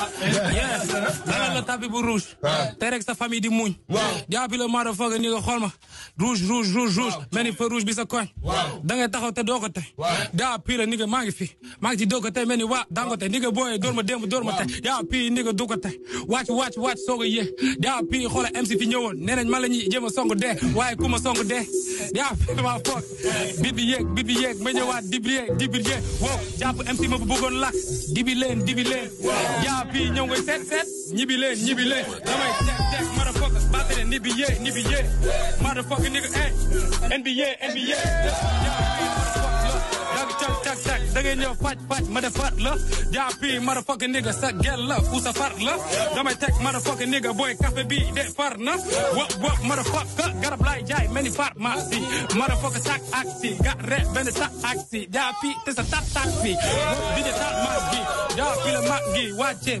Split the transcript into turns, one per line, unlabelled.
Yes la tapis bu rouge. Ah. tey rek sa famille di muñ. jaapi la maa foog ni nga ma. rouge rouge rouge rouge mel ni fa sa koñ. da ngay taxaw te doo ko tey. jaapi la ni nga maa ngi fi. maa ngi waa dangote ni nga door ma démb door ma tey. jaapi ni nga du ko tey. wàcc wàcc wàcc soog a yee. jaapi xoola MC fi ñëwoon nee nañ ma la ñuy jéem a song dee waaye ku song dee. jaapi maa foog. bi yeeg bi yeeg ma ñëwaat dibir dibir yeeg woo jàpp MC ma bu bëggoon lakk leen ñibbi leen damay teg teg motherfucker baate leen ñibbi yee ñibbi yee motherfucker nigga eh NBA NBA tak tak da ngay ñëw faj faj ma defaat la jaa pii motherfucker nigga sa gel la fu sa far la damay teg motherfucker nigga booy café bi de far na wop wop motherfucker garab laay jaay mel ni pharmacie motherfucker tak aksi ga re benn tak aksi jaa pii te sa tak tak fi wop di je tak mag gi jaa pii la mag gi wàcce